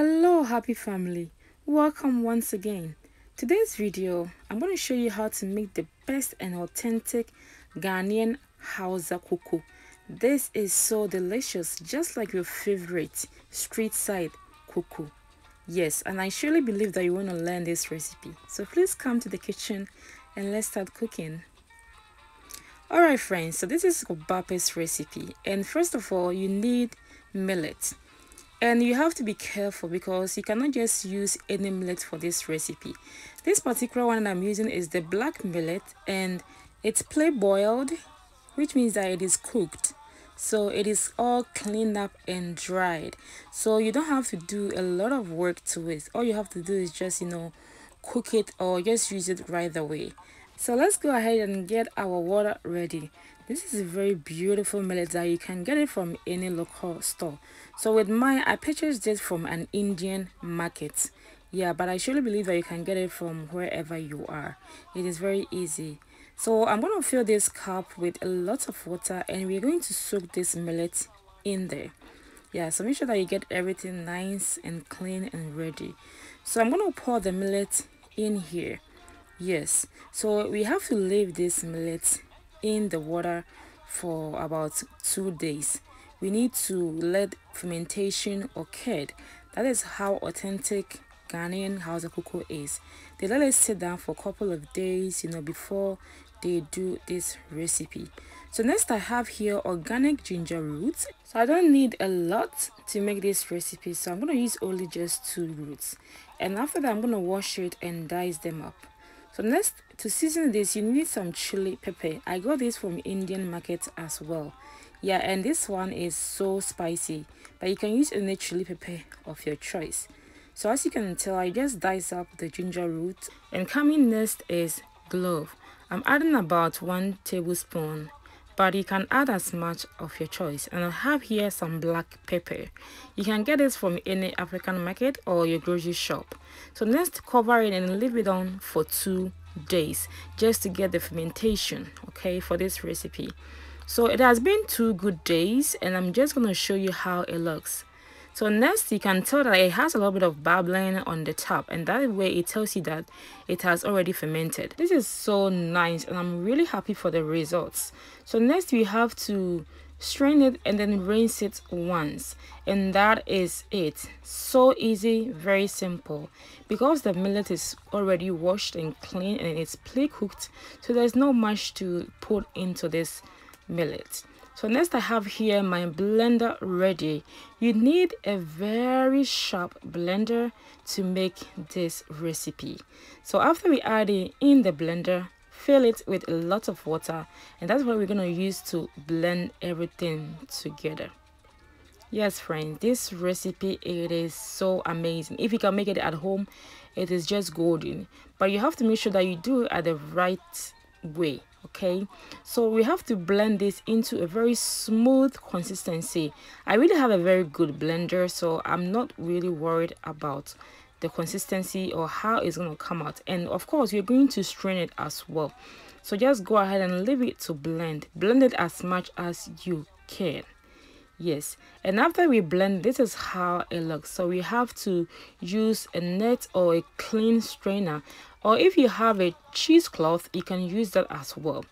Hello happy family, welcome once again. Today's video, I'm going to show you how to make the best and authentic Ghanaian Hausa kuku. This is so delicious, just like your favorite street side kuku. Yes, and I surely believe that you want to learn this recipe. So please come to the kitchen and let's start cooking. Alright friends, so this is Obape's recipe. And first of all, you need millet and you have to be careful because you cannot just use any millet for this recipe this particular one i'm using is the black millet and it's plain boiled which means that it is cooked so it is all cleaned up and dried so you don't have to do a lot of work to it all you have to do is just you know cook it or just use it right away so let's go ahead and get our water ready this is a very beautiful millet that you can get it from any local store so with mine i purchased this from an indian market yeah but i surely believe that you can get it from wherever you are it is very easy so i'm going to fill this cup with a lot of water and we're going to soak this millet in there yeah so make sure that you get everything nice and clean and ready so i'm going to pour the millet in here yes so we have to leave this millet in the water for about two days we need to let fermentation occur that is how authentic Ghanaian house of cocoa is they let it sit down for a couple of days you know before they do this recipe so next i have here organic ginger roots so i don't need a lot to make this recipe so i'm going to use only just two roots and after that i'm going to wash it and dice them up so next to season this you need some chili pepper i got this from indian market as well yeah and this one is so spicy but you can use any chili pepper of your choice so as you can tell i just dice up the ginger root and coming next is glove. i'm adding about one tablespoon but you can add as much of your choice and i have here some black pepper you can get this from any african market or your grocery shop so next cover it and leave it on for two days just to get the fermentation okay for this recipe so it has been two good days and i'm just going to show you how it looks so next you can tell that it has a little bit of bubbling on the top and that way it tells you that it has already fermented this is so nice and i'm really happy for the results so next we have to strain it and then rinse it once and that is it so easy very simple because the millet is already washed and clean and it's pre cooked so there's not much to put into this millet so next i have here my blender ready you need a very sharp blender to make this recipe so after we add it in the blender fill it with a lot of water and that's what we're going to use to blend everything together yes friend this recipe it is so amazing if you can make it at home it is just golden but you have to make sure that you do it at the right way okay so we have to blend this into a very smooth consistency i really have a very good blender so i'm not really worried about the consistency or how it's going to come out and of course you're going to strain it as well so just go ahead and leave it to blend blend it as much as you can yes and after we blend this is how it looks so we have to use a net or a clean strainer or if you have a cheesecloth you can use that as well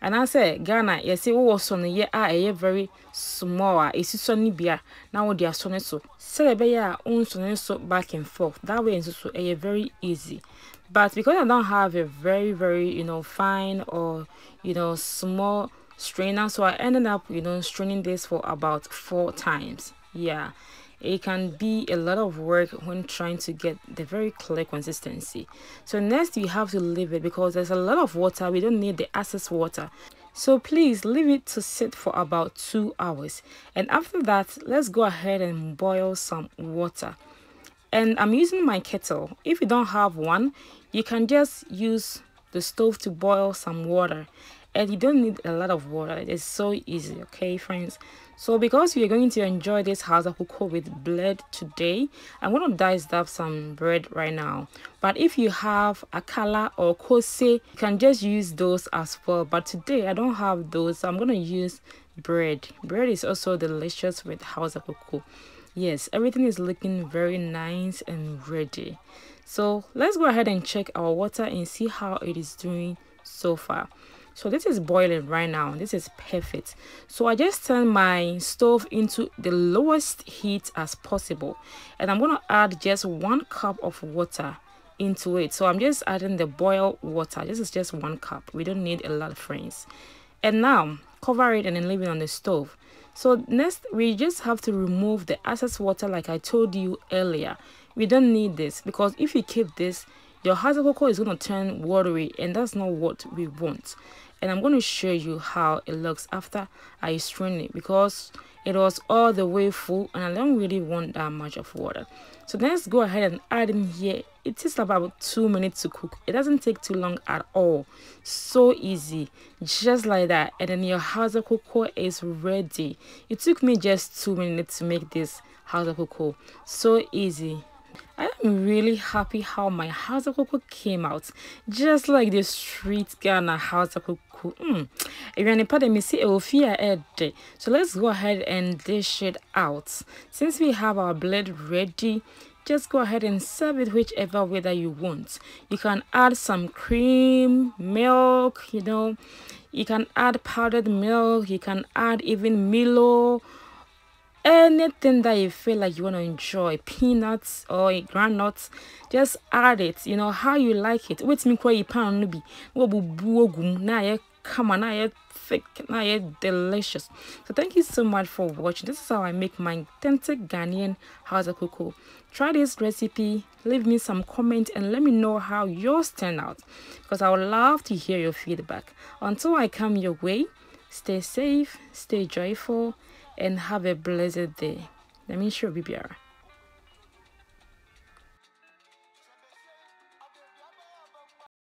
and I say Ghana yes it was on the a ye very small it's ah, sunny bia ah. now they are so so your own so back and forth that way it's so eh, a very easy but because I don't have a very very you know fine or you know small strainer so I ended up you know straining this for about four times yeah it can be a lot of work when trying to get the very clear consistency so next you have to leave it because there's a lot of water we don't need the excess water so please leave it to sit for about two hours and after that let's go ahead and boil some water and i'm using my kettle if you don't have one you can just use the stove to boil some water and you don't need a lot of water it's so easy okay friends so because we are going to enjoy this house of cook with bread today i'm going to dice up some bread right now but if you have a color or kose you can just use those as well but today i don't have those so i'm going to use bread bread is also delicious with house of cook yes everything is looking very nice and ready so let's go ahead and check our water and see how it is doing so far so this is boiling right now this is perfect so i just turn my stove into the lowest heat as possible and i'm going to add just one cup of water into it so i'm just adding the boiled water this is just one cup we don't need a lot of friends and now cover it and then leave it on the stove so next we just have to remove the excess water like i told you earlier we don't need this because if you keep this your hard cocoa is going to turn watery and that's not what we want and i'm going to show you how it looks after i strain it because it was all the way full and i don't really want that much of water so let's go ahead and add in here it takes about two minutes to cook it doesn't take too long at all so easy just like that and then your house of cocoa is ready it took me just two minutes to make this house of cocoa so easy I'm really happy how my house cocoa came out, just like the street Ghana house Akoko. Mm. see So let's go ahead and dish it out. Since we have our blade ready, just go ahead and serve it whichever way that you want. You can add some cream, milk, you know, you can add powdered milk, you can add even Milo, anything that you feel like you want to enjoy peanuts or granuts just add it you know how you like it wait me kwa pan nubi na ye come on na thick na ye delicious so thank you so much for watching this is how i make my authentic ghanaian house of cocoa try this recipe leave me some comment and let me know how yours turn out because i would love to hear your feedback until i come your way stay safe stay joyful and have a blessed day. Let me show Bibiara.